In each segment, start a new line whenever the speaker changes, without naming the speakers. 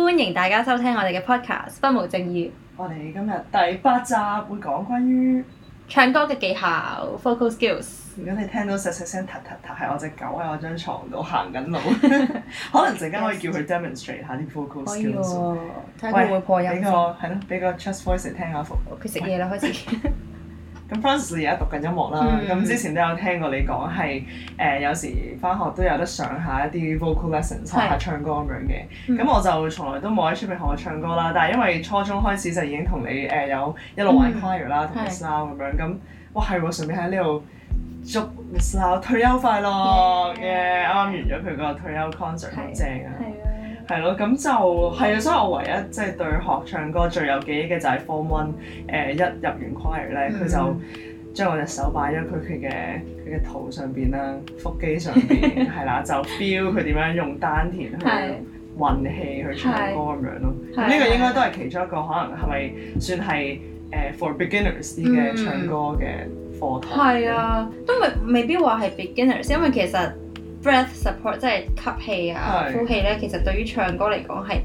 歡迎大家收聽我哋嘅 podcast《不無正業》。我哋今日第八集會
講關於唱歌嘅技巧 （vocal skills）。如果你聽到細細聲、嗒嗒嗒，係我隻狗喺我張床度行緊路， 可能陣間可以叫佢 demonstrate 下啲 vocal skills。 可以喎、啊。ils 會唔會破音喂？俾個係咯，俾個 chest voice 聽下。佢食嘢啦，開始喂。 咁 Frances 而家讀緊音樂啦，咁、mm hmm. 之前都有聽過你講係誒、有時翻學都有得上下一啲 vocal lessons，下唱歌咁 Yes. 樣嘅。咁、mm hmm. 我就從來都冇喺出面學過唱歌啦，但係因為初中開始就已經同你誒、呃、有一路玩 choir 啦，同 Miss Lau 咁樣。咁，哇係喎，順便喺呢度祝 Miss Lau 退休快樂嘅，啱完咗佢個退休 concert 好正 Yes. 啊！係咯，咁、嗯、就係啊！所以我唯一即係、就是、對學唱歌最有記憶嘅就係 Form One，誒、呃、一入完 choir 咧，佢就將我隻手擺咗佢佢嘅佢嘅肚上邊啦，腹肌上邊係啦，就 feel 佢點樣用丹田去運氣去唱歌咁 樣咯。呢個應該都係其中一個可能係咪算係誒、uh, for beginners 嘅唱歌嘅課堂？
係啊、嗯，都未未必話係 beginners，因為其實。Breath support 即係吸氣啊、是呼氣咧，其實對於唱歌嚟講係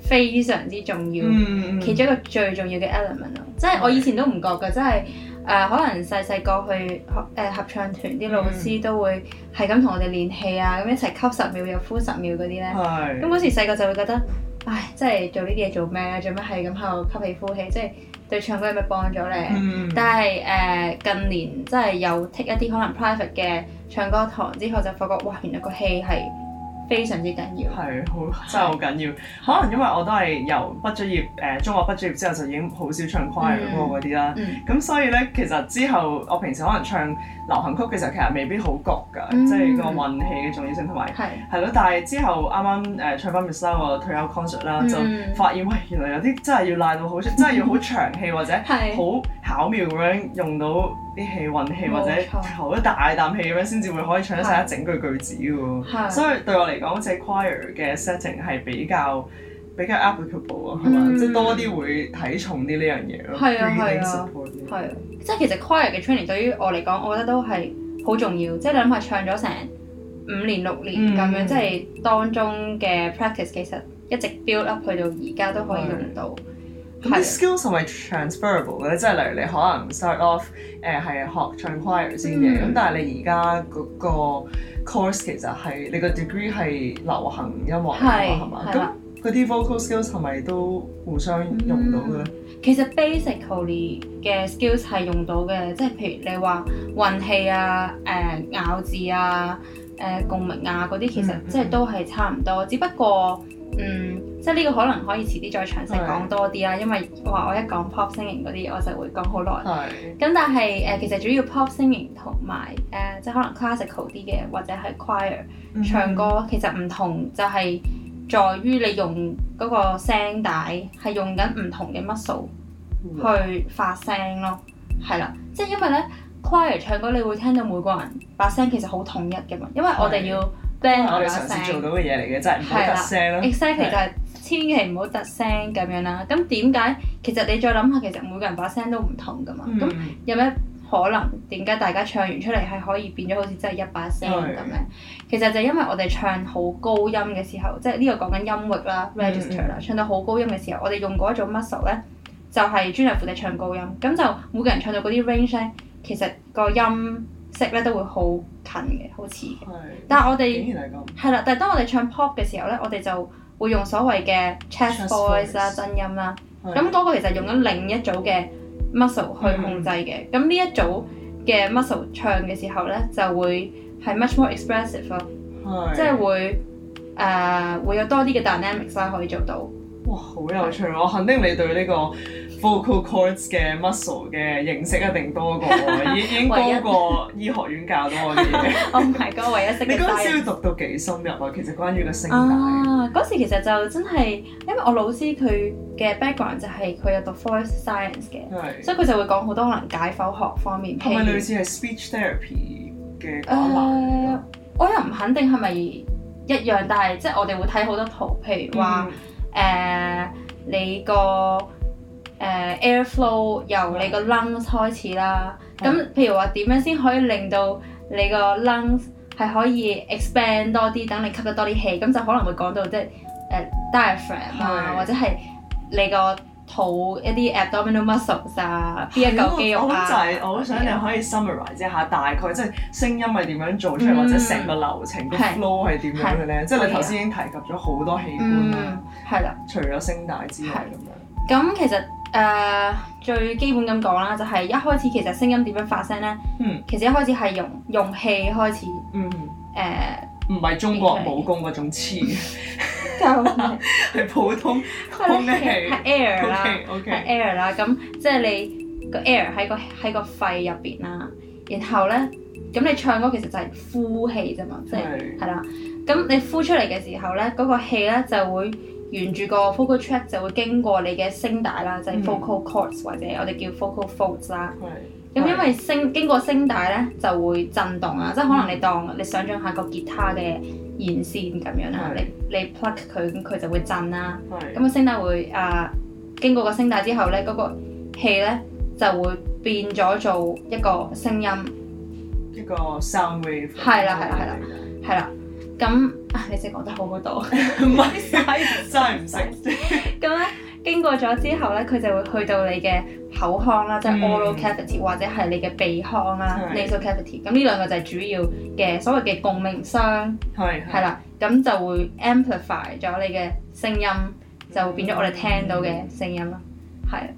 非常之重要，嗯、其中一個最重要嘅 element 咯。是即係我以前都唔覺㗎，即係誒、呃、可能細細個去學誒、呃、合唱團啲老師、嗯、都會係咁同我哋練氣啊，咁一齊吸十秒又呼十秒嗰啲咧。咁嗰是時細個就會覺得，唉，即係做呢啲嘢做咩咧？做咩係咁喺度吸氣呼氣？即係對唱歌有咩幫助咧？嗯、但係誒、呃、近年即係有 take 一啲可能 private 嘅。唱歌堂之後就發覺，哇！原來個氣係非常之緊要，要，係好真係好
緊要。可能因為我都係由畢咗業誒、呃、中學畢咗業之後就已經好少唱 choir 歌嗰啲啦。咁些、嗯、所以咧，其實之後我平時可能唱流行曲嘅時候，其實未必好覺㗎，嗯、即係個運氣嘅重要性同埋係係咯。但係之後啱啱誒唱翻 Miss Lau 個退休 concert 啦、嗯，就發現喂、呃，原來有啲真係要賴到好，真係要好長氣或者好巧妙咁樣用到。啲氣運氣錯或者唞一大啖氣咁樣，先至會可以唱晒一整句句子嘅喎。的所以對我嚟講，好 choir 嘅 setting 係比較比較 applicable 啊、嗯，係嘛？即、就、係、是、多啲會睇重啲呢樣嘢咯。係啊係啊，係。
即係的的其實 choir 嘅 training 對於我嚟講，我覺得都係好重要。即、就是、你諗下唱咗成五年六年咁樣，即係、嗯、當中嘅 practice 其實一直 build up 去到而家都可以用到。
咁啲 skills、嗯、係咪 transferable 咧？即係例如你可能 start off 誒、呃、係學唱 choir 先嘅，咁、嗯、但係你而家嗰個 course 其實係你個 degree 係流行音樂嘅，係嘛是？咁嗰啲 vocal skills 係咪都互相用到嘅咧、嗯？
其實 basically 嘅 skills 係用到嘅，即係譬如你話運氣啊、誒、呃、咬字啊、誒、呃、共鳴啊嗰啲，其實即係都係差唔多，嗯、只不過。嗯，即係呢個可能可以遲啲再詳細講多啲啦，對因為話我一講 pop singing 嗰啲，我就會講好
耐。
咁對但係誒、呃，其實主要 pop singing 同埋誒，即係可能 classical 啲嘅或者係 choir 唱歌，其實唔同就係、是、在於你用嗰個聲帶係用緊唔同嘅 muscle 去發聲咯。係啦對，即係因為 choir 唱歌，你會聽到每個人把聲其實好統一嘅嘛，因為我哋要。我哋
嘗試做到嘅嘢嚟嘅， 真係唔好突聲。
Exciting 就係千祈唔好突聲咁樣啦。咁點解？其實你再諗下，其實每個人把聲都唔同噶嘛。咁、嗯、有咩可能？點解大家唱完出嚟係可以變咗好似真係一把聲咁咧？對其實就因為我哋唱好高音嘅時候，即係呢個講緊音域啦，register 啦，reg 啦，嗯、唱到好高音嘅時候，我哋用嗰一種 muscle 咧，就係、是、專係負責唱高音。咁就每個人唱到嗰啲 range 咧，其實個音色咧都會好近嘅，好似。嘅的。但係我哋係啦，但係當我哋唱 pop 嘅時候咧，我哋就會用所謂嘅 chest voice 啊，真 ess 音啦。咁嗰的個其實用咗另一組嘅 muscle 去控制嘅。咁呢、嗯、一組嘅 muscle 唱嘅時候咧，就會係 much more expressive。係的。即係會誒、呃，會有多啲嘅 dynamics 啦，的可以做
到。哇，好有趣！的我肯定你對呢個 vocal cords 嘅 muscle 嘅認識一定多過， 已經高過一醫學院教咁我嘢。我唔係
個唯一識。你嗰時要
讀到幾深入啊？其實關於個聲帶
啊，嗰時其實就真係，因為我老師佢嘅 background 就係佢有讀 voice science 嘅，所以佢就會講好多可能解剖學方面。嘅。係咪類似
係 speech therapy 嘅講法？
啊、我又唔肯定係咪一樣，但係即係我哋會睇好多圖，譬如話、嗯。誒，uh, 你個誒、uh, airflow 由你個 lungs 開始啦。咁 Yeah. 譬如話點樣先可以令到你個 lungs 係可以 expand 多啲，等你吸得多啲氣，咁就可能會講到即係誒、uh, diaphragm 啊，Yeah. 或者係你個。吐一啲 abdominal muscle 啊，啲一嚿肌肉啊。就係，我好想你可以
summarize 一下大概即係聲音係點樣做出嚟，或者成個流程嘅 flow 係點樣嘅咧。即係你頭先已經提及咗好多器官啦，係啦，除咗聲帶之外咁樣。
咁其實誒，最基本咁講啦，就係一開始其實聲音點樣發聲咧？嗯，其實一開始係用用氣開始。
嗯。誒，唔係中國武功嗰種黐。
就係普通空氣，氣，氣，係 air 啦、okay, okay.，係 air 啦。咁即係你個 air 喺個喺個肺入邊啦。然後咧，咁你唱歌其實就係呼氣啫嘛，即係係啦。咁、就是、你呼出嚟嘅時候咧，嗰、那個氣咧就會沿住個 vocal tract 就會經過你嘅聲帶啦，就係、是、vocal cords、嗯、或者我哋叫 vocal folds 啦、嗯。咁因為聲、嗯、經過聲帶咧就會震動啦，嗯、即係可能你當你想象吓個吉他嘅。弦線咁樣啦，你你 pluck 佢，咁佢就會震啦。咁個聲帶會啊，經過個聲帶之後咧，嗰個氣咧就會變咗做一個聲音，
一個 sound wave。係啦，係啦，係啦，
係啦，咁啊你先講得好嗰度，唔
識真係唔識。
咁咧。經過咗之後咧，佢就會去到你嘅口腔啦，即係 oral cavity，、嗯、或者係你嘅鼻腔啦的，nasal cavity。咁呢兩個就係主要嘅所謂嘅共鳴箱，係啦，咁就會 amplify 咗你嘅、嗯、聲音，就變咗我哋聽到嘅聲音咯。係的，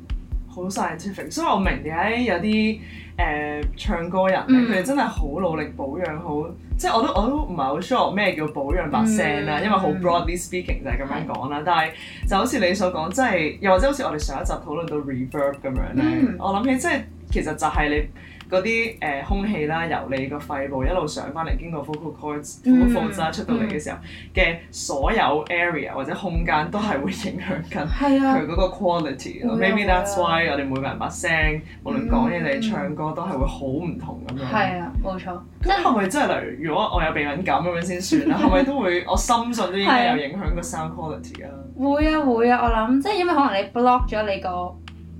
好 scientific，所以我明你喺有啲。誒、uh, 唱歌人佢哋、mm hmm. 真係好努力保養，好即係我都我都唔係好 sure 咩叫保養把聲啦，mm hmm. 因為好 broadly speaking 就係咁樣講啦。Mm hmm. 但係就好似你所講，即係又或者好似我哋上一集討論到 reverb 咁、mm hmm. 樣咧，我諗起即係其實就係你。嗰啲誒空氣啦，由你個肺部一路上翻嚟，經過 vocal cords、vocal folds 啦，出到嚟嘅時候嘅所有 area 或者空間都係會影響緊佢嗰個 quality。Maybe that's why 我哋每個人把聲，無論講嘢定唱歌都係會好唔同咁樣。
係啊，
冇錯。即係咪真係？例如如果我有鼻敏感咁樣先算啦，係咪都會？我深信都應該有影響個 sound quality 啊。
會啊會啊，我諗即係因為可能你 block 咗你個。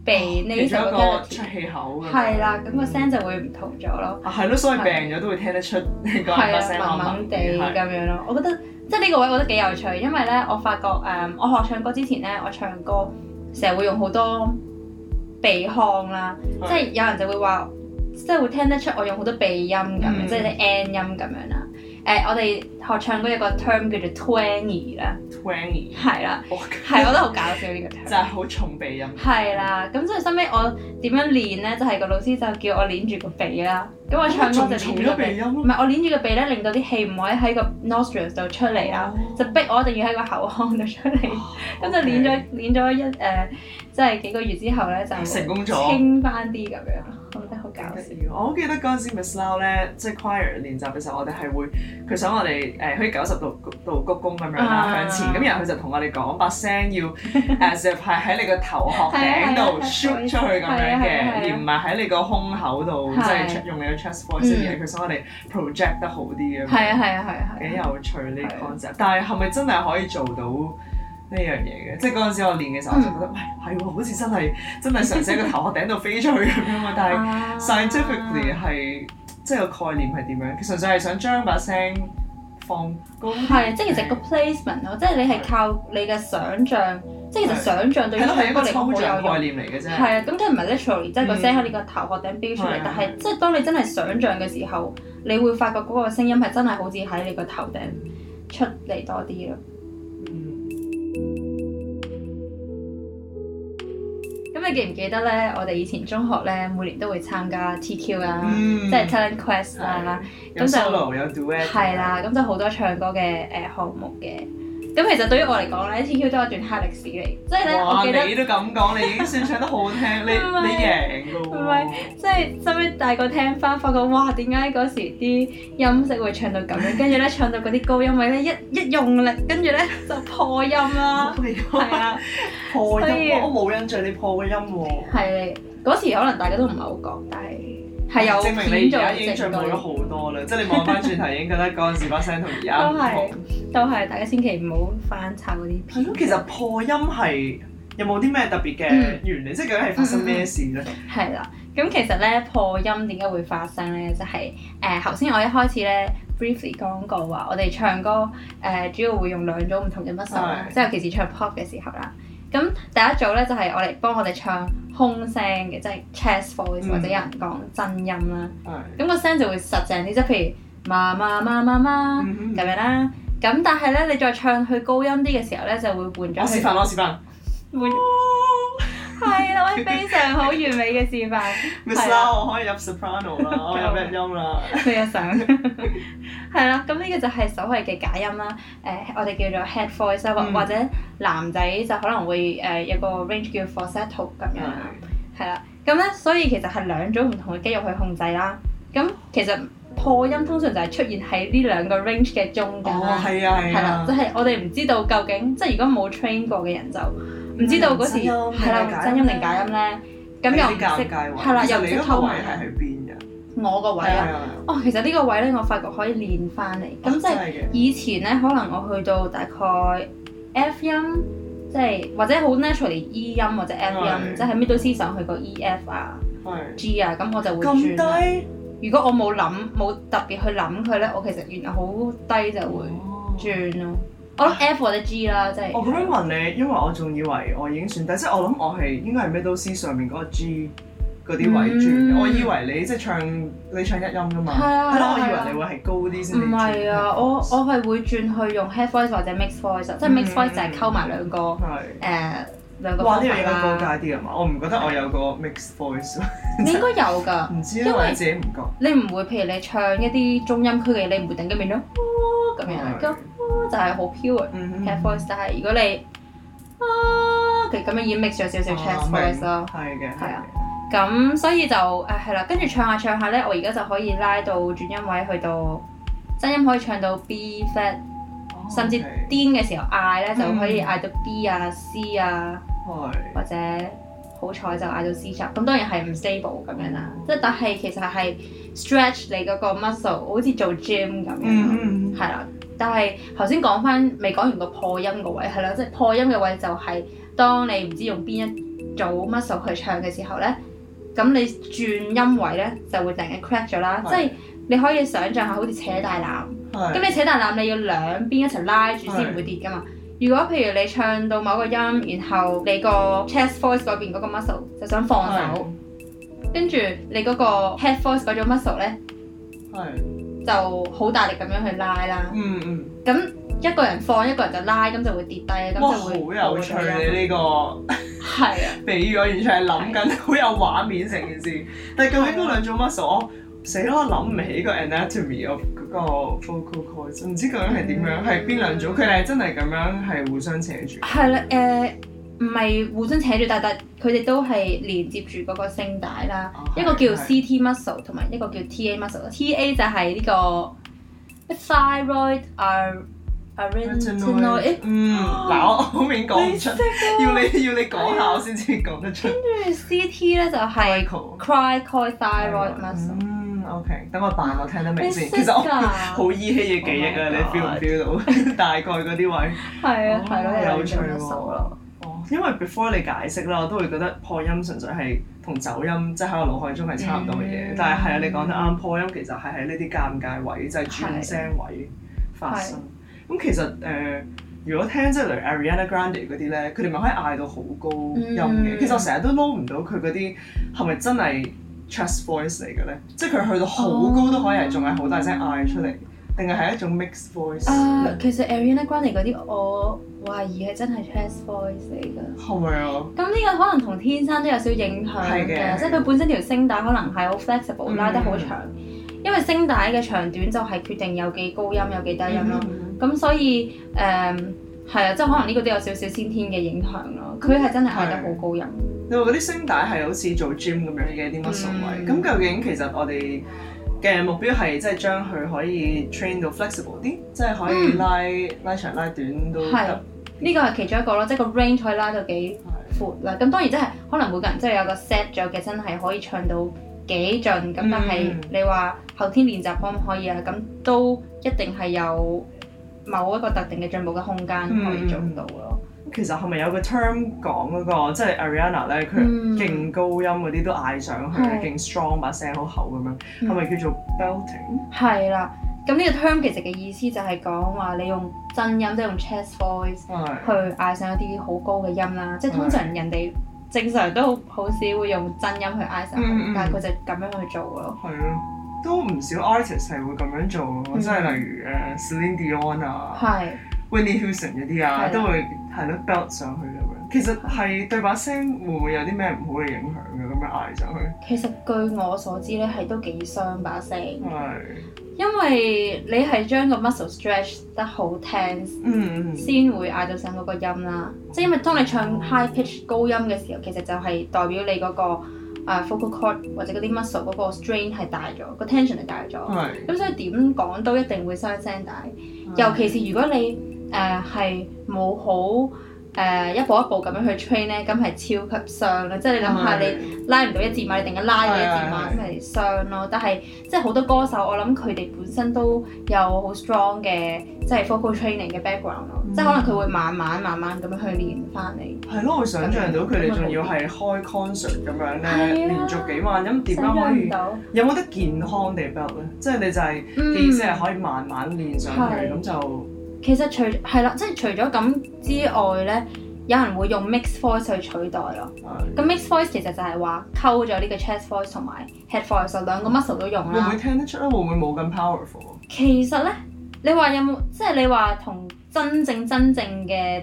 鼻呢個出氣口咁，係啦，咁、個聲就會唔同咗咯。啊，係咯，所以病
咗都會聽得出個人把聲係啊，悶悶地咁
樣咯。的我覺得即係呢個位，我覺得幾有趣，因為咧，我發覺誒、嗯，我學唱歌之前咧，我唱歌成日會用好多鼻腔啦，的即係有人就會話，即係會聽得出我用好多鼻音咁，嗯、即係啲 N 音咁樣啦。誒、欸，我哋學唱歌有一個 term 叫做 tw twangy 啦，twangy 係啦，係、oh, okay.，
我覺得好搞笑呢、這個 term 就係好
重鼻音。係啦，咁所以收尾我點樣練咧？就係、是、個老師就叫我捏住個鼻啦，咁、啊、我唱歌就重咗鼻音唔係，我捏住個鼻咧，令到啲氣唔可以喺個 nostrils 度出嚟啦，就逼我一定要喺個口腔度出嚟，咁、oh. 就捏咗捏咗一誒。Uh, 即係幾個月之後咧，就成功咗清翻
啲咁樣，我覺得好搞笑。我好記得嗰陣時，Miss Lau 咧即係 choir 練習嘅時候，我哋係會佢想我哋誒可以九十度度鞠躬咁樣啦向前。咁然後佢就同我哋講把聲要 as if 係喺你個頭殼頂度 shoot 出去咁樣嘅，而唔係喺你個胸口度即係用你嘅 chest voice 嘅。佢想我哋 project 得好啲嘅。係啊係啊
係啊，幾有
趣呢個 concept！但係係咪真係可以做到？呢樣嘢嘅，即係嗰陣時我練嘅時候、嗯，我就覺得，喂、哎，係喎、哦，好似真係真係、啊、純粹喺個頭殼頂度飛出去咁樣啊！但係 scientifically 係，即係個概念係點樣？其實就係想將把聲放
高，係即係其實個 placement 咯，即係你係靠你嘅想像，即係其實想像對你嚟講係一個抽象概
念嚟嘅啫，
係啊，咁即係唔係 literally 即係個聲喺你個頭殼頂飆出嚟，但係即係當你真係想像嘅時候，你會發覺嗰個聲音係真係好似喺你個頭頂出嚟多啲咯。即係記唔記得咧？我哋以前中學咧，每年都會參加 TQ 啊，即係 Talent Quest 啊，咁
就係啦，
咁就好多唱歌嘅誒、呃、項目嘅。咁其實對於我嚟講咧，天橋都係一段黑
歷史嚟，即係咧，我記得你都咁講，你已經算唱得好聽， 你你贏㗎喎。
唔係是，即係收尾大個聽翻，發覺哇點解嗰時啲音色會唱到咁樣？跟住咧唱到嗰啲高音位咧，一一用力，跟住咧就破音啦，係 啊破音，以我冇
印象你破過音喎。
係嗰時可能大家都唔係
好講，但係。係有片證明你而家已經進步咗好多啦，即係 你望翻轉頭已經覺得嗰陣時把
聲同而家都係都係，大家千祈唔好翻炒嗰啲片。咁其實
破音係有冇啲咩特別嘅原理？嗯、即係究竟係發生咩事咧？
係啦， 咁其實咧破音點解會發生咧？就係誒頭先我一開始咧 briefly 講過話，我哋唱歌誒、呃、主要會用兩種唔同嘅音色啦，即係尤其是唱 pop 嘅時候啦。咁第一組咧，就係我嚟幫我哋唱空聲嘅，即係 chest、嗯、voice 或者有人講真音啦。咁、嗯、個聲就會實淨啲，即係譬如媽媽媽媽媽咁、嗯、哼樣啦。咁但係咧你再唱去高音啲嘅時候咧，就會換咗。我示範，我示範。啊係啦， 非常好完美嘅示範。Miss
Lau，我可以入 soprano 啦，我有咩音
啦？咩聲？係啦，咁呢個就係所謂嘅假音啦。誒，我哋叫做 head voice 或者男仔就可能會誒有個 range 叫 falsetto 咁樣。係啦、mm.，咁咧，所以其實係兩種唔同嘅肌肉去控制啦。咁 其實破音通常就係出現喺呢兩個 range 嘅中間。係啊係啊，係啦，即係、就是、我哋唔知道究竟，即係如果冇 train 過嘅人就。唔知道嗰時係啦真音定假音咧，咁又唔識係啦，又唔識偷位係喺
邊
嘅？我個位啊，哦，其實呢個位咧，我發覺可以練翻嚟。咁即係以前咧，可能我去到大概 F 音，即係或者好 naturally E 音或者 F 音，即係咩都思想去個 E、F 啊、G 啊，咁我就會轉。如果我冇諗，冇特別去諗佢咧，我其實原來好低就會
轉咯。
我諗 F 或者 G 啦，即
係。我咁樣問你，因為我仲以為我已經算低，即係我諗我係應該係 Middle C 上面嗰個 G 嗰啲位轉。我以為你即係唱，你唱一音噶嘛，係咯，我以為你會係高啲先。唔係
啊，我我係會轉去用 Head Voice 或者 Mixed Voice，即係 Mixed Voice 就係溝埋兩個，誒兩個範圍啦。話
啲高階啲啊嘛，我唔覺得我有個 Mixed Voice。你應
該有㗎。唔知因為你自己唔覺，你唔會，譬如你唱一啲中音區嘅，你唔會頂咁面咯。咁樣、啊，就係好 pure head voice。但係如果你啊，其實咁樣已經 mix 咗少少 chest voice 咯。係嘅、哦，係啊。咁所以就誒係啦。跟住唱下唱下咧，我而家就可以拉到轉音位去到真音，可以唱到 B flat 甚至癲嘅時候嗌咧就可以嗌到 B 啊、C 啊，hmm. 或者。好彩就嗌到 C 七，咁當然係唔 stable 咁樣啦，即係但係其實係 stretch 你嗰個 muscle，好似做 gym 咁樣，係啦、mm hmm. 但係頭先講翻未講完個破音個位係啦，即係、就是、破音嘅位就係、是、當你唔知用邊一組 muscle 去唱嘅時候咧，咁你轉音位咧就會突然間 crack 咗啦。即係是你可以想像下好似扯大纜，咁是你扯大纜你要兩邊一齊拉住先唔會跌㗎嘛。如果譬如你唱到某個音，然後你個 chest voice 嗰邊嗰個 muscle 就想放手，跟住的你嗰個 head voice 嗰種 muscle 咧的，係就好大力咁樣去拉啦。嗯嗯。咁一個人放，一個人就拉，咁就會跌低，咁就會好
有趣你呢、這個。係啊的。 比喻我完全係諗緊，好的 有畫面成件事。的但係究竟嗰兩種 muscle，死咯，諗唔起個 anatomy 啊！個 vocal cords 唔知究竟係點樣，係邊兩組佢哋真係咁樣係互相扯住？係
啦，誒唔係互相扯住，但係佢哋都係連接住嗰個聲帶啦。一個叫 CT muscle，同埋一個叫 TA muscle。TA 就係呢個 thyroid ar arytenoid
嗯，嗱，我好明講唔出，要你要你講下我先
至講得出。跟住 CT 咧就係 cricothyroid muscle。
OK，等我扮我聽得明先。其實我好依稀嘅記憶啊，你 feel 唔 feel 到？大概嗰啲位係啊，係咯，有趣喎。哦，因為 before 你解釋啦，我都會覺得破音純粹係同走音，即係喺我腦海中係差唔多嘅嘢。但係係啊，你講得啱，破音其實係喺呢啲尷尬位，就係轉聲位發生。咁其實誒，如果聽即係例如 Ariana Grande 嗰啲咧，佢哋咪可以嗌到好高音嘅。其實我成日都撈唔到佢嗰啲係咪真係 chest voice 嚟嘅咧，即係佢去到好高都可以係仲係好大聲嗌出嚟，定係係一種 mixed voice？啊，uh, 其
實 Ariana Grande 嗰啲，我懷疑係真係 chest voice 嚟嘅，係咪啊？咁呢個可能同天生都有少影響嘅，的即係佢本身條聲帶可能係好 flexible，的拉得好長，mm hmm. 因為聲帶嘅長短就係決定有幾高音，有幾低音咯。咁、mm hmm. 所以誒。Um, 係啊， 即係可能呢個都有少少先天嘅影
響咯。佢係真係嗌得好高音。你話嗰啲聲帶係好似做 gym 咁樣嘅啲乜所謂？咁、嗯嗯、究竟其實我哋嘅目標係即係將佢可以 train 到 flexible 啲，即係可以拉、嗯、拉長拉短都得。
呢個係其中一個咯，即、就、係、是、個 range 可以拉到幾闊啦。咁是當然即、就、係、是、可能每個人即係有個 set 咗嘅，真係可以唱到幾
盡咁。嗯、但係
你話後天練習可唔可以啊？咁都一定係有。某一個特定嘅進步嘅空間可以做到
咯。其實係咪有個 term 講嗰個，即係 Ariana 咧，佢勁高音嗰啲都嗌上去，勁 strong，把聲好厚咁樣，係咪叫做 belting？
係啦，咁呢個 term 其實嘅意思就係講話你用真音，即係用 chest voice 去嗌上一啲好高嘅音啦。即係通常人哋正常都好少會用真音去嗌上去，但係佢就咁樣去做咯。係啊。
都唔少 artist 係會咁樣做，嗯、即係例如誒 Celine Dion 啊、Whitney Houston 一啲啊，的都會係咯 belt 上去咁樣。的其實係對把聲會唔會有啲咩唔好嘅影響嘅咁樣嗌上去？
其實據我所知咧，係都幾傷把聲。係的，因為你係將個 muscle stretch 得好 tense 嗯，嗯，嗯，先會嗌到上嗰個音啦。嗯嗯嗯，即係因為當你唱 high pitch 高音嘅時候，嗯、其實就係代表你嗰、那個。啊 focal cord 或者嗰啲 muscle 嗰個 strain 係大咗，個 tension 係大咗，咁所以點講都一定會嘥聲大，尤其是如果你誒係冇好。誒、uh, 一步一步咁樣去 train 咧，咁係超級傷咧。即係你諗下，你，想想你拉唔到一字馬，你定然拉嘅一字馬，咁咪傷咯。的但係即係好多歌手，我諗佢哋本身都有好 strong 嘅、就是嗯、即係 focal training 嘅 background 咯。即係可能佢會慢慢慢慢咁樣去練翻
嚟。係咯，我想象到佢哋仲要係開 concert 咁樣咧，的連續幾晚，咁點樣，樣可以到？有冇得健康地 back 咧？即係你就係意思係可以慢慢練上去咁的就。
其實除係啦，即係除咗咁之外咧，有人會用 mixed voice 去取代咯。咁、哎、mixed voice 其實就係話溝咗呢個 chest voice 同埋 head voice，就兩個 muscle 都用啦。會唔會
聽得出咧？會唔會冇咁 powerful？
其實咧，你話有冇即係你話同真正真正嘅？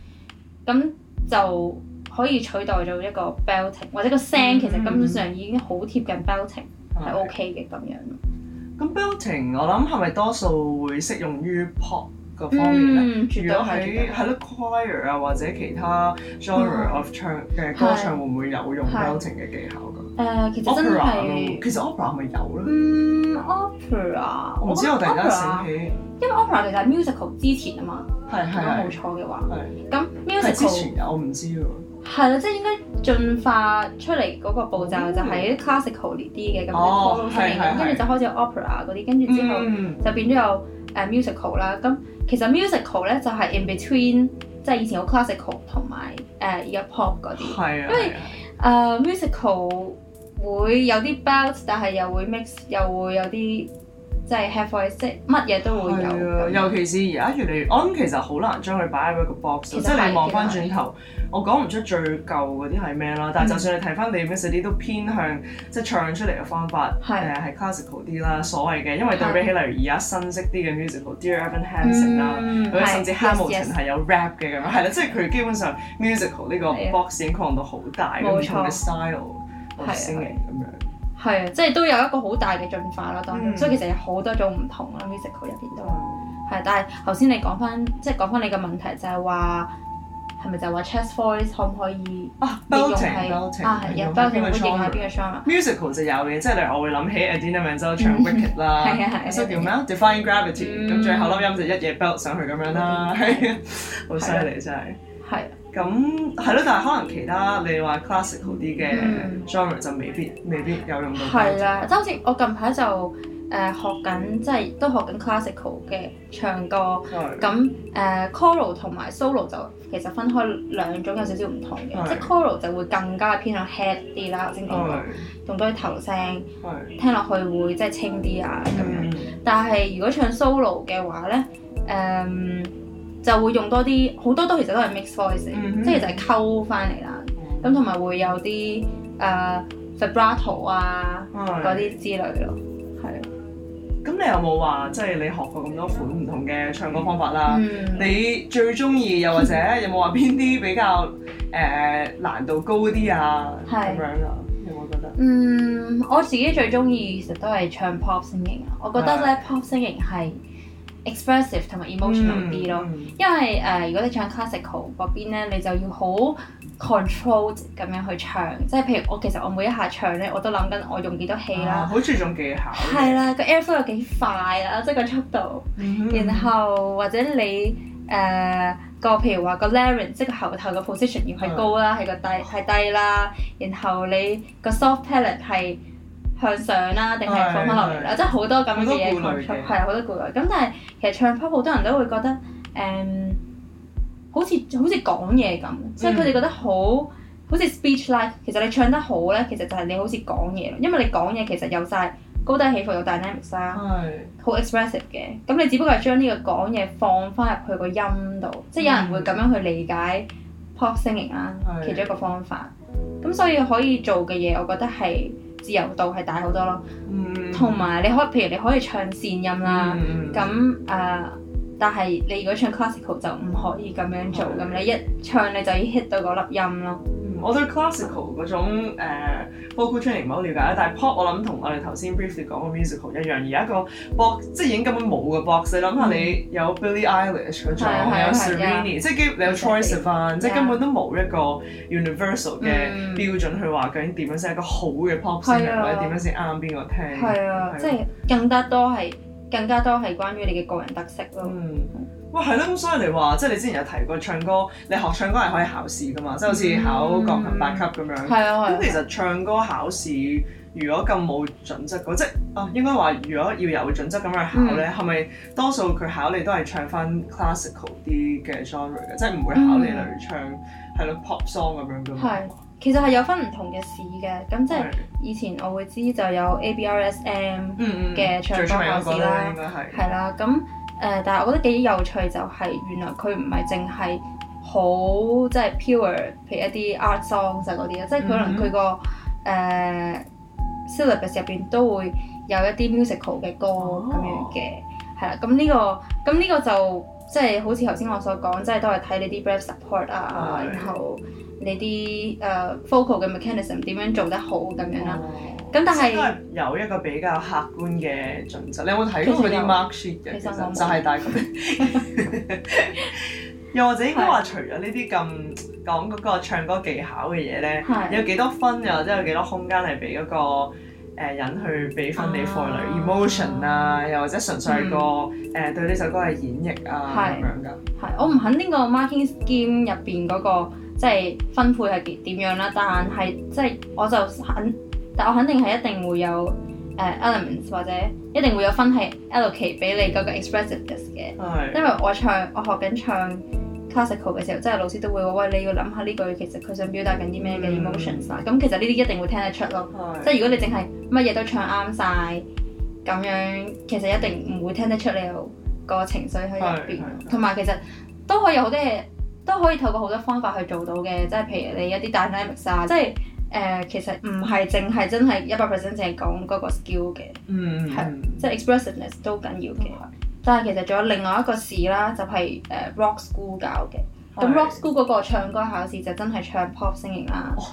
咁就可以取代咗一個 belting，或者個聲其實根本上已經好貼近 belting，係、mm hmm. OK 嘅咁樣。
咁 belting 我諗係咪多數會適用於 pop 個方面咧？嗯、如果喺喺 choir 啊或者其他 genre、嗯、of 唱嘅歌唱會唔會有用 belting 嘅技巧噶？
誒、呃，其實真係，opera，其實
opera 咪有
咯。嗯
，opera，我唔知我突然間醒起。
因為 opera 其實係 musical 之前啊嘛，都冇錯嘅
話，
咁是 musical 前我
唔知喎。
係啦，即係應該進化出嚟嗰個步驟就係啲 classical 呢啲嘅咁嘅歌，跟住、哦、些就開始 opera 嗰啲，跟住、嗯、之後就變咗有誒 musical 啦、嗯。咁其實 musical 咧就係 in between，即係以前有 classical 同埋誒、uh, 而家 pop 嗰啲。係啊，因為誒、uh, musical 會有啲 belt 但係又會 mix，又會有啲。即係吃貨式，乜嘢都會有。尤其
是而家越嚟越，我諗其實好難將佢擺喺一個 box。即係你望翻轉頭，我講唔出最舊嗰啲係咩啦。但係就算你睇翻 musical 啲，都偏向即係唱出嚟嘅方法，係 classical 啲啦。所謂嘅，因為對比起例如而家新式啲嘅 musical，Dear Evan Hansen 啦，或者甚至 Hamilton 係有 rap 嘅咁樣，係啦，即係佢基本上 musical 呢個 box 已經擴到好大，唔同嘅 style 或係 s 咁樣。
係啊，即係都有一個好大嘅進化啦，當然，所以其實有好多種唔同啊，musical 入邊都係。但係頭先你講翻，即係講翻你個問題就係話，係咪就話 chest voice 可唔可以啊 belting 啊，有 belting 邊個腔
啊？Musical 就有嘅，即係例如我會諗起 Idina Menzel 唱 Wicked 啦，所以叫咩？Defying Gravity，咁最後嗰音就一嘢 belt 上去咁樣啦，好犀利，真係，係。咁係咯，但係可能其他你話 classical 啲嘅 genre、嗯、就未必未必有用到。係啦、呃，即係好
似我近排就誒學緊，即係都學緊 classical 嘅唱歌。係的。咁誒、呃、choral 同埋 solo 就其實分開兩種，有少少唔同嘅。的即係 choral 就會更加偏向 head 啲啦，頭先講到用多啲頭聲，的聽落去會即係清啲啊咁樣。的嗯、但係如果唱 solo 嘅話咧，誒、嗯。就會用多啲，好多都其實都係 mix voice，即係就係溝翻嚟啦。咁同埋會有啲誒 vibrato 啊，嗰啲之類咯，係。
咁你有冇話即係你學過咁多款唔同嘅唱歌方法啦？你最中意又或者有冇話邊啲比較誒難度高啲啊？咁樣啊！你會覺得？嗯，
我自己最中意其實都係唱 pop 聲型啊，我覺得咧 pop 聲型係。expressive 同埋 emotional 啲咯、嗯，因為誒、uh, 如果你唱 classical 嗰邊咧，你就要好 controlled 咁樣去唱，即係譬如我其實我每一下唱咧，我都諗緊我用幾多氣啦，啊、好似一
種技巧。
係啦，個 airflow 有幾快啦，即、就、係、是、個速度，嗯、哼然後或者你誒、uh, 個譬如話個 larynx 即係個喉頭嘅 position 要係高啦，係、嗯、個低係低啦，然後你個 soft palate 係，向上啦，定係、啊、放翻落嚟啦，是是即係好多咁嘅嘢，佢係好多顧慮咁。慮，但係其實唱 pop 好多人都會覺得誒、嗯，好似好似講嘢咁，即係佢哋覺得好好似 speech like，其實你唱得好咧，其實就係你好似講嘢，因為你講嘢其實有晒高低起伏，有 dynamics 啊是，好 expressive 嘅。咁你只不過係將呢個講嘢放翻入去個音度，嗯、即係有人會咁樣去理解 pop singing 啊是，其中一個方法。咁所以可以做嘅嘢，我覺得係。自由度係大好多咯，同埋、mm. 你可以，譬如你可以唱線音啦，咁誒、mm.，uh, 但係你如果唱 classical 就唔可以咁樣做，咁好你一唱你就要 hit 到嗰粒音
咯。我對 classical 嗰種誒 vocal training 唔好了解，但係 pop 我諗同我哋頭先 briefly 講嘅 musical 一樣，而家一個 box 即係已經根本冇個 box。你諗下，你有 Billy Eilish 嗰種，有 Serenity，即係你有 Choice 範，即係根本都冇一個 universal 嘅標準去話究竟點樣先係一個好嘅 pop 音樂，或者點樣先啱邊個聽。係啊，即係
更加多係更加多係關於你嘅個人特色咯。
哇，係咯，咁所以你話，即係你之前有提過唱歌，你學唱歌係可以考試噶嘛？嗯、即係好似考鋼琴八級咁樣。係啊、嗯，係咁其實唱歌考試，如果咁冇準則嘅，即係啊，應該話如果要有準則咁樣去考咧，係咪多數佢考你都係唱翻 classical 啲嘅 genre 嘅，即係唔會考你例如唱係咯、嗯、pop song 咁樣嘅？係，
其實係有分唔同嘅試嘅。咁即係以前我會知就有 ABRSM 嘅唱歌考試啦，係啦了，咁。誒、呃，但係我覺得幾有趣就係，原來佢唔係淨係好即係 pure，譬如一啲 art song 就嗰啲咯，即係可能佢個誒 syllabus 入邊、mm hmm. 呃、都會有一啲 musical 嘅歌咁樣嘅，係啦、oh。咁、嗯、呢、呢個咁呢、嗯、個就即係好似頭先我所講，即係都係睇你啲 breath support 啊，mm hmm. 然後。你啲誒 focal 嘅 mechanism 點樣做得好咁樣啦？
咁但係係有一個比較客觀嘅準則。你有冇睇過啲 mark sheet 嘅？就係大概，又或者應該話除咗呢啲咁講嗰個唱歌技巧嘅嘢咧，有幾多分又或者有幾多空間係俾嗰個誒人去俾分你課內 emotion 啊？又或者純粹係個誒對呢首歌係演繹啊咁樣㗎？係
我唔肯定個 marking scheme 入邊嗰個。即係分配係點樣啦？但係即係我就肯，但我肯定係一定會有誒、uh, elements 或者一定會有分係 allocate 俾你嗰個 expressiveness 嘅。是因為我唱我學緊唱 classical 嘅時候，即係老師都會話：喂，你要諗下呢句其實佢想表達緊啲咩嘅 emotions 啊！咁是其實呢啲一定會聽得出咯。是即係如果你淨係乜嘢都唱啱晒，咁樣，其實一定唔會聽得出你個情緒喺入邊。同埋其實都可以有好多嘢。都可以透過好多方法去做到嘅，即係譬如你一啲 dynamics 啊，即係誒、呃、其實唔係淨係真係一百 percent 淨係講嗰個 skill 嘅，
係、嗯、
是即係 expressiveness 都緊要嘅。嗯、但係其實仲有另外一個事啦，就係、是、誒、uh, rock school 搞嘅。咁是 rock school 嗰個唱歌考試就真係唱 pop singing 啦，不、哦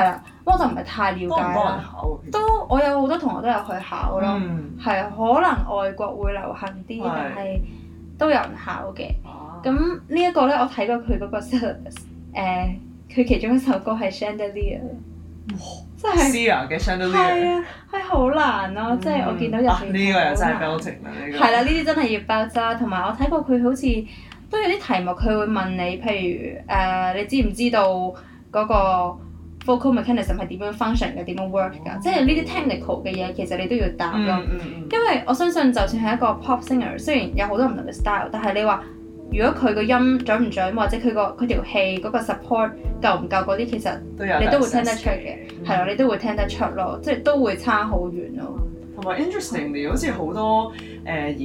啊、我就唔係太了解，幫幫都我有好多同學都有去考咯，係、嗯、可能外國會流行啲是，但係都有人考嘅。咁、嗯嗯、呢一個咧，我睇過佢嗰個《Celebs、呃》，誒佢其中一首歌係《Chandelier》，哇！即係是
《Sia》嘅《Chandelier》係啊，
係好難咯、啊，即係、嗯、我見到有呢個又真係
belting 喇！呢、
這個係啦，呢啲真係要包紮。同埋、啊、我睇過佢好似都有啲題目，佢會問你，譬如誒、呃、你知唔知道嗰個《Vocal Mechanism》係點樣 function 嘅、點樣 work 㗎？即係呢啲 technical 嘅嘢，其實你都要答咯。嗯嗯嗯嗯、因為我相信，就算係一個 pop singer，雖然有好多唔同嘅 style，但係你話。如果佢個音準唔準，或者佢個佢條氣嗰、那個 support 夠唔夠嗰啲，其實你都會聽得出嘅，係啊，對嗯、你都會聽得出咯，即係是都會差遠、啊、好遠咯。
同埋 interesting l y 好似好多誒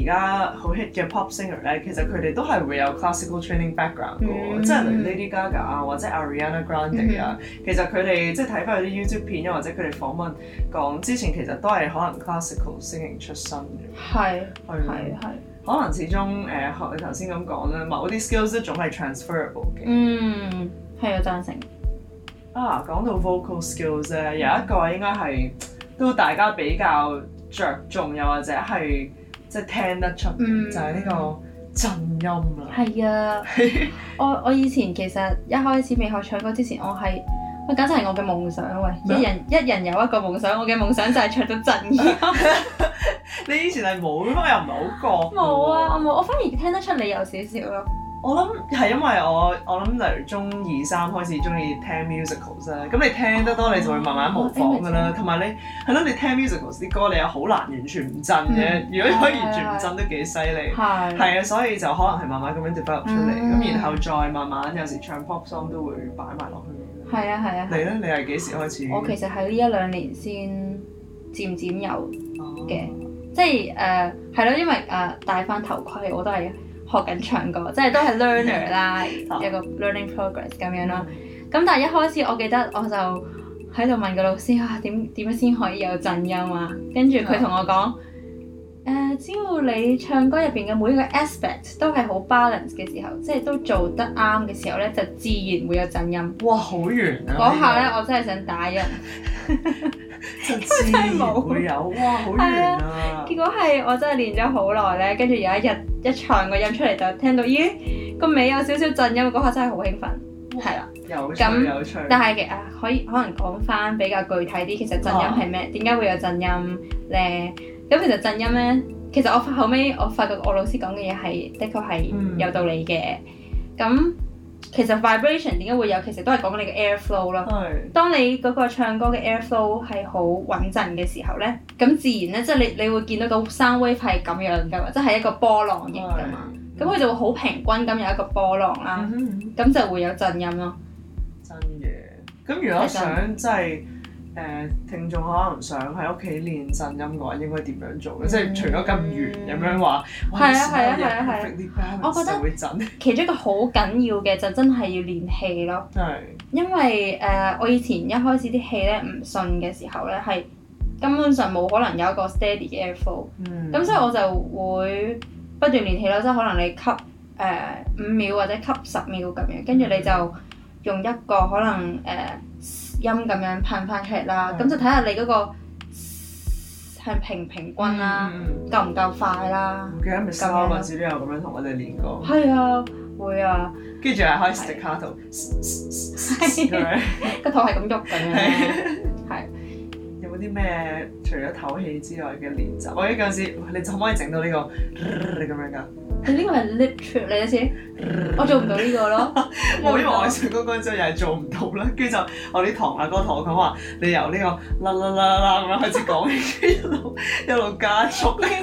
而家好 hit 嘅 pop singer 咧，singers, 其實佢哋都係會有 classical training background 嘅，即係 Lady Gaga 啊，或者 Ariana Grande 啊，其實佢哋即係睇翻佢啲 YouTube 片啊，或者佢哋訪問講之前，其實都係可能 classical 聲型出身嘅，係係係。嗯。可能始終誒學你頭先咁講啦，某啲 skills 都總係 transferable
嘅。嗯，係啊，贊成。
啊，講到 vocal skills 咧，有一個應該係都大家比較着重，又或者係即係聽得出、嗯、就係呢個震音啦。係
啊， 我我以前其實一開始未學唱歌之前，我係。我簡直係我嘅夢想喂！一人一人有一個夢想，我嘅夢想就係唱咗震音。
你以前係冇，不過又唔係好覺。冇啊，我
冇，我反而聽得出你有少少咯。
我諗係因為我我諗例如中二三開始中意聽 musicals 咁，你聽得多你就會慢慢模仿噶啦。同埋你係咯，你聽 musicals 啲歌，你又好難完全唔震嘅。如果可以完全唔震都幾犀利。係。係啊，所以就可能係慢慢咁樣 develop 出嚟，咁然後再慢慢有時唱 pop song 都會擺埋落去。係啊係啊！啊你咧？你係幾時開始？
我其實喺呢一兩年先漸漸有嘅，Oh. 即係誒係咯，因為誒、呃、戴翻頭盔，我都係學緊唱歌，即係都係 learner 啦，一 Yeah. 個 learning progress 咁樣啦。咁、Mm. 嗯、但係一開始，我記得我就喺度問個老師啊，點點樣先可以有震音啊？跟住佢同我講。Yeah. 誒，uh, 只要你唱歌入邊嘅每一個 aspect 都係好 balance 嘅時候，即係都做得啱嘅時候咧，就自然會有震音。哇，
好圓啊！嗰下咧，
我真係想打人。
真係冇。有哇，
好圓啊！ 結果係我真係練咗好耐咧，跟住有一日一唱個音出嚟就聽到咦個尾有少少震音，嗰、那、下、個、真係哇、啊、好興奮。係啦，
有唱有趣！那趣但
係嘅啊，可以可能講翻比較具體啲，其實震音係咩？點解、啊、會有震音咧？咁其實震音咧，其實我後尾我發覺我老師講嘅嘢係的確係有道理嘅。咁、嗯、其實 vibration 點解會有？其實都係講緊你嘅 airflow 啦是。係。當你嗰個唱歌嘅 airflow 係好穩陣嘅時候咧，咁自然咧，即係你你會見得到 sound wave 係咁樣㗎，即係一個波浪型㗎嘛。咁佢是就會好平均咁有一個波浪啦，咁、嗯嗯、就會有震音咯。真嘅。
咁如果想即係。誒、uh, 聽眾可能想喺屋企練震音嘅話，應該點樣做咧？嗯、即係除咗咁圓咁樣話，
我覺得會震。其中一個好緊要嘅就真係要練氣咯。係的。因為誒，uh, 我以前一開始啲氣咧唔順嘅時候咧，係根本上冇可能有一個 steady 嘅 airflow、嗯。咁所以我就會不斷練氣咯，即係可能你吸誒五、uh, 秒或者吸十秒咁樣，跟住你就用一個可能誒。Uh, 音咁樣噴翻出啦，咁就睇下你嗰個係平平均啦，
夠唔夠快啦，得咁樣。我記得都有咁樣同我哋練歌。係啊，會啊。跟住係開始 staccato，個肚係咁喐咁樣。啲咩？除咗唞氣之外嘅練習，我記得嗰陣時，你可唔可以整到呢個咁樣噶？
呢個係 lip trick 嚟先，我做唔到呢個咯。我以為我
上高高之後又係做唔到啦，跟住就我啲堂阿哥同我講話，你由呢個啦啦啦啦咁樣開始講，一路一路加速咁樣，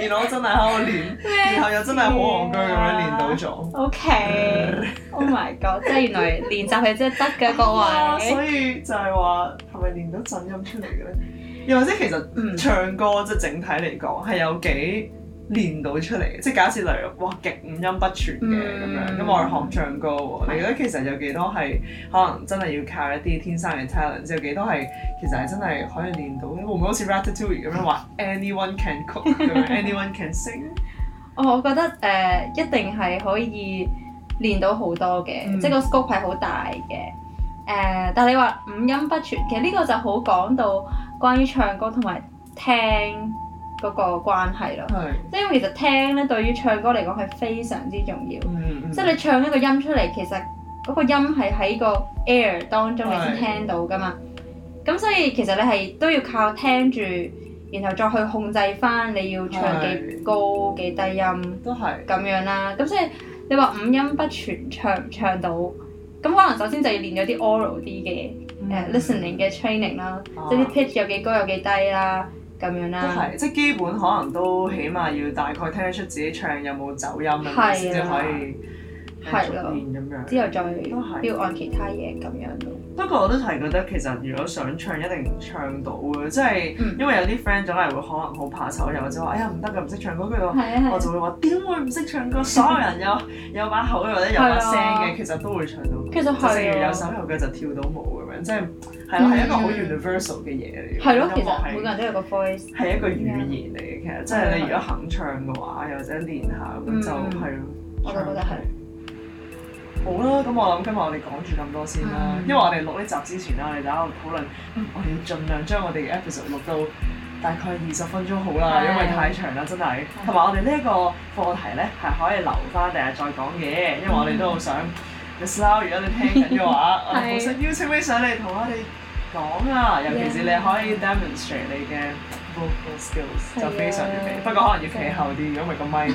然後我真係喺度練，然後又真係好戇居咁樣練到咗。
OK，Oh my god！即係原來練習係真係得
嘅，各位。所以就係話。練到震音出嚟嘅咧，又或者其實、嗯、唱歌即係整體嚟講係有幾練到出嚟，即係假設例如哇極五音不全嘅咁、嗯、樣，咁我學唱歌，嗯、你覺得其實有幾多係可能真係要靠一啲天生嘅 talent，有幾多係其實係真係可以練到咧？會唔會好似 Ratatouille 咁樣話、嗯、Anyone can cook 咁樣 Anyone can sing？
我覺得誒、呃、一定係可以練到好多嘅，嗯、即係個 scope 係好大嘅。誒，uh, 但係你話五音不全，其實呢個就好講到關於唱歌同埋聽嗰個關係咯。係是，即係因為其實聽咧，對於唱歌嚟講係非常之重要。即係、嗯嗯、你唱一個音出嚟，其實嗰個音係喺個 air 當中你先聽到㗎嘛。咁是所以其實你係都要靠聽住，然後再去控制翻你要唱幾高幾低音。都係是。咁樣啦，咁是所以你話五音不全唱唔唱，唱到。咁可能首先就要練咗啲 oral 啲嘅、uh,，誒 listening 嘅 training 啦，即係啲 pitch 有幾高有幾低啦，
咁樣啦。都係，即係基本可能都起碼要大概聽得出自己唱有冇走音咁啦，先至可以。
係咯，
之後再都係要按其他嘢咁樣咯。不過我都係覺得其實如果想唱一定唱到嘅，即係因為有啲 friend 總係會可能好怕醜，又或者話哎呀唔得㗎唔識唱歌，佢話係啊，我就會話點會唔識唱歌？所有人有有把口又或者有把聲嘅，其實都會唱到。其實係啊，正如有手有腳就跳到舞咁樣，即係係咯，係一個好 universal 嘅嘢嚟。係咯，其實每個人都有個 voice。係一個語言嚟嘅，其實即係你如果肯唱嘅話，又或者練下咁就係咯。我就覺得係。好啦，咁我諗今日我哋講住咁多先啦，因為我哋錄呢集之前啦，我哋就喺度討論，我哋要盡量將我哋嘅 episode 錄到大概二十分鐘好啦，因為太長啦真係。同埋我哋呢一個課題咧，係可以留翻第日再講嘢，因為我哋都好想，你 s l 如果你聽緊嘅話，我哋好想邀請你上嚟同我哋講啊，尤其是你可以 demonstrate 你嘅 vocal skills 就非常之美，不過可能要企後啲，如果唔係個麥。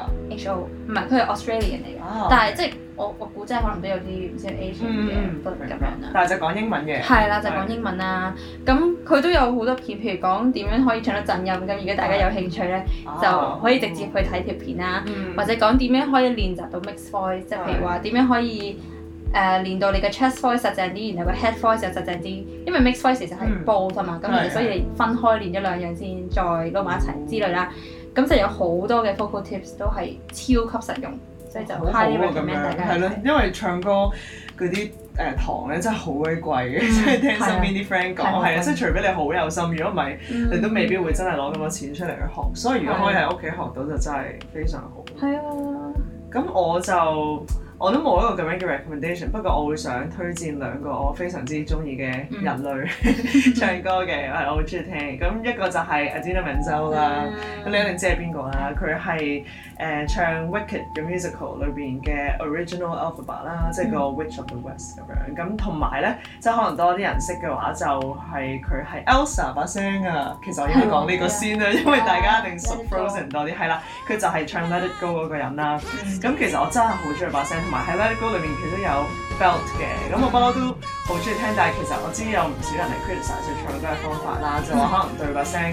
h 唔係，佢係 Australian 嚟㗎，但係即係我我估真係可能都有啲唔知 Asian 嘅咁樣啦。
但係就講英文嘅，係啦，就講英
文啦。咁佢都有好多片，譬如講點樣可以唱得震音咁。如果大家有興趣咧，就可以直接去睇條片啦。或者講點樣可以練習到 mix voice，即係譬如話點樣可以誒練到你嘅 chest voice 實淨啲，然後個 head voice 實淨啲。因為 mix voice 其實係布㗎嘛，咁所以你分開練咗兩樣先，再撈埋一齊之類啦。咁就、嗯、有好多嘅 vocal tips 都係超級實用，即
係就好呢個建議係咯，因為唱歌嗰啲誒堂咧真係好鬼貴嘅，嗯、 即係聽身邊啲 friend 講，係啊，即係除非你好有心，如果唔係，你都未必會真係攞咁多錢出嚟去學。所以如果可以喺屋企學到，就真係非常好。係啊
的，
咁我就。我都冇一個咁樣嘅 recommendation，不過我會想推薦兩個我非常之中意嘅人類、mm hmm. 唱歌嘅，係我好中意聽。咁一個就係阿 Idina Menzel 啦，咁 Hello. 你一定知係邊個啦，佢係。誒，唱 Wicked 嘅 musical 裏邊嘅 original alphabet 啦、mm，hmm. 即係個 witch of the west 咁樣。咁同埋咧，即係可能多啲人識嘅話，就係、是、佢係 Elsa 把聲啊。其實我應該講呢個先啦， 因為大家一定熟 Frozen 多啲。係啦，佢就係唱 Let It Go 嗰、那個人啦。咁其實我真係好中意把聲，同埋喺 Let It Go 裏面佢都有。belt 嘅，咁我不嬲都好中意聽，但係其實我知有唔少人係 criticize 佢唱歌嘅方法啦，就話可能對個聲誒，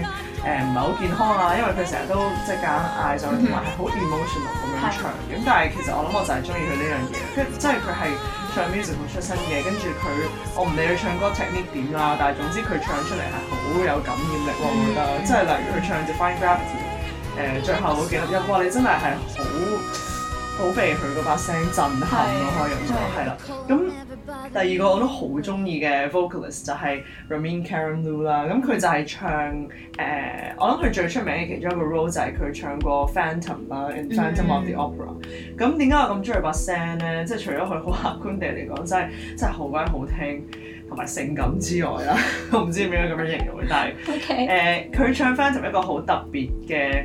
唔係好健康啊，因為佢成日都即係夾硬嗌，就同埋係好 emotional 咁樣唱。咁的但係其實我諗我就係中意佢呢樣嘢，即係佢係唱 music 出身嘅，跟住佢我唔理佢唱歌 technique 點啦，但係總之佢唱出嚟係好有感染力，我覺得。嗯、即係例如佢唱隻 Defying Gravity 誒、呃、最後嗰幾粒音波，你真係係好。好畀佢嗰把聲震撼咯，可以咁講。係啦，咁對那第二個我都好中意嘅 vocalist 就係 Ramin Karimloo 啦。咁佢就係唱誒，uh, 我諗佢最出名嘅其中一個 role 就係佢唱過 Phantom 啦、嗯，《In Phantom of the Opera、嗯》。咁點解我咁中意佢把聲咧？即係除咗佢好客觀地嚟講，真係真係好鬼好聽，同埋性感之外啦， 我唔知點樣咁樣形容佢。 但係誒，佢、uh, 唱 Phantom 一個好特別嘅。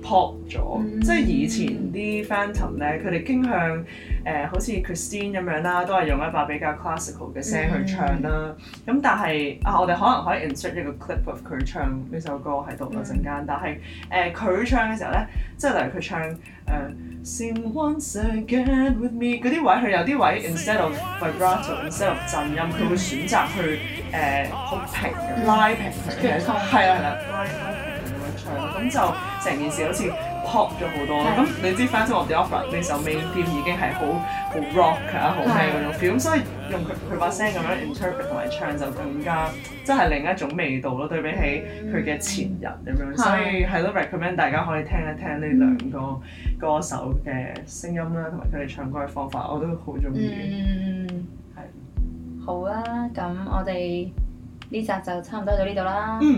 Pop 咗，即係以前啲 Phantom 咧，佢哋傾向誒好似 Christine 咁樣啦，都係用一把比較 classical 嘅聲去唱啦。咁但係啊，我哋可能可以 insert 一個 clip of 佢唱呢首歌喺度一陣間。但係誒佢唱嘅時候咧，即係例如佢唱誒 Sing once again with me，嗰啲位佢有啲位 instead of vibrato，instead of 震音，佢會選擇去誒好平拉平，跟住係啦係啦。咁就成件事好似 pop 咗好多咯，咁你知翻 Phantom of the Opera 呢首 main 片已經係好好 rock 啊好 man 嗰種 feel，咁所以用佢佢把聲咁樣 interpret 同埋唱就更加即係另一種味道咯，對比起佢嘅前人咁樣，所以係咯 recommend 大家可以聽一聽呢兩個歌手嘅聲音啦，同埋佢哋唱歌嘅方法，我都好中意，嗯，係
好啦。咁我哋呢集就差唔多到呢度啦，嗯。